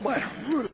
Bueno.